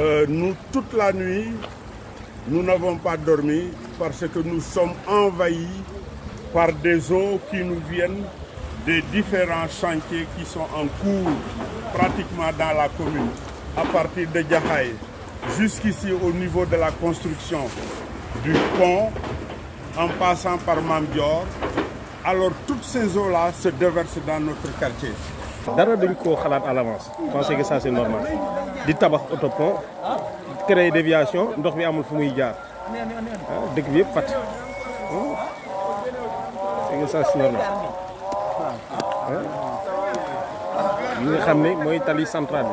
Euh, nous, toute la nuit, nous n'avons pas dormi parce que nous sommes envahis par des eaux qui nous viennent des différents chantiers qui sont en cours pratiquement dans la commune, à partir de Djahaï, jusqu'ici au niveau de la construction du pont, en passant par Mambior. Alors toutes ces eaux-là se déversent dans notre quartier dara duñ ko xalaat à l'avance Pensez que ça c'est normal di tabax autopont créer déviation ndox bi amul fu muy jaar ah, dëkk bi yëpp fat hmm. c'est que ça c'est normal li ah. nga xam ne mooy tali centrale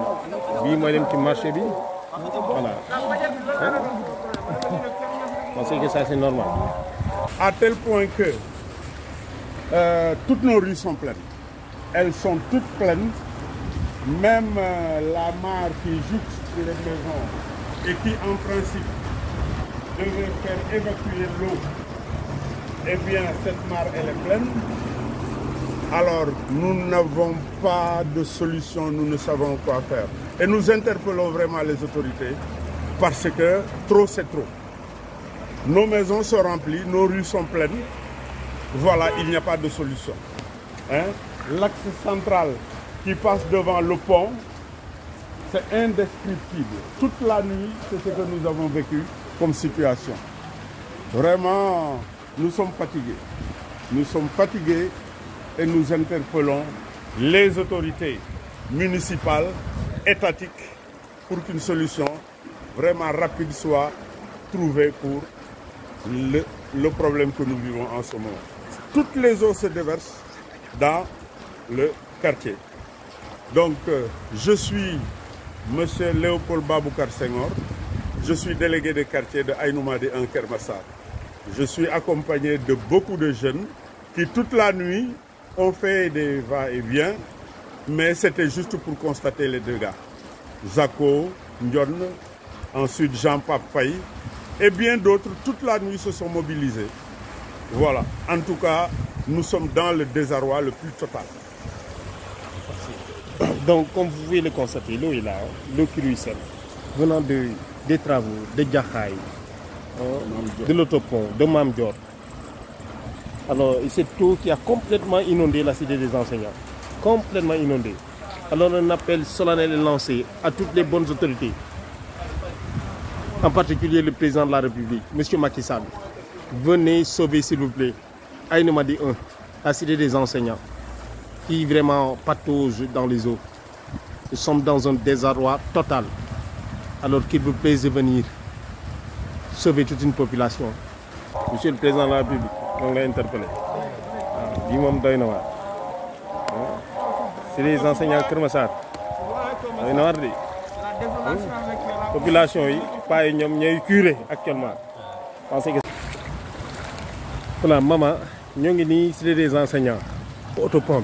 bi bii mooy dem ci marché bi voilà ah. Pensez que ça c'est normal à tel point que euh, toutes nos rues sont pleines elles sont toutes pleines. Même euh, la mare qui joute sur les maisons et qui en principe devait faire évacuer l'eau, eh bien cette mare elle est pleine. Alors nous n'avons pas de solution, nous ne savons quoi faire. Et nous interpellons vraiment les autorités parce que trop c'est trop. Nos maisons sont remplies, nos rues sont pleines. Voilà, il n'y a pas de solution. Hein? l'axe central qui passe devant le pont, c'est indescriptible. Toute la nuit, c'est ce que nous avons vécu comme situation. Vraiment, nous sommes fatigués. Nous sommes fatigués et nous interpellons les autorités municipales, étatiques, pour qu'une solution vraiment rapide soit trouvée pour le, le problème que nous vivons en ce moment. Toutes les eaux se déversent dans le quartier. Donc, euh, je suis Monsieur Léopold Baboukar Senghor, je suis délégué des quartiers de Aïnoumadi en Kermassar. Je suis accompagné de beaucoup de jeunes qui toute la nuit ont fait des va-et-vient, mais c'était juste pour constater les dégâts. Zako, Ndion, ensuite Jean-Pape Faye, et bien d'autres, toute la nuit se sont mobilisés. Voilà, en tout cas, nous sommes dans le désarroi le plus total. Donc, comme vous pouvez le constater, l'eau est là, hein. l'eau qui ruisselle, venant des travaux, de Djahaï, hein, de l'autopont, de Mamdjor. Alors, c'est tout qui a complètement inondé la cité des enseignants, complètement inondé Alors, un appel solennel est lancé à toutes les bonnes autorités, en particulier le président de la République, M. Macky Venez sauver, s'il vous plaît, Aïnoumadi 1, la cité des enseignants qui vraiment patauge dans les eaux. Nous sommes dans un désarroi total, alors qu'il vous plaise de venir sauver toute une population. Monsieur le Président de la République, on l'a interpellé. Ah, c'est les enseignants Kermassar. La population, pas une curé actuellement. Voilà, maman, nous sommes des enseignants. Autopombe.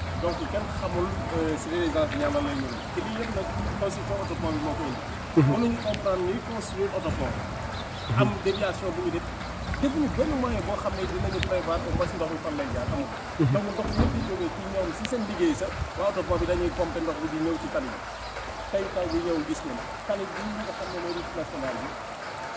donc kenn xamul euh, si résidence bi ñaanal lay ñëw te lii yëpp nag construction autopont bi moo koy indi. Mhm. mënuñu comprendre ni construire autopont. am mhm. déviation bu ñu def defuñu benn moyen boo xam ne dinañu prévoir au moins ndox mi fan lay jaar amul. Mhm. donc ndox ñëpp di jógee ci si seen liggéey sax waa autopont bi dañuy pompe ndox bi di ñëw ci tali bi tey taw bi ñëw gis nañu tali bi nga xam ne mooy route nationale bi.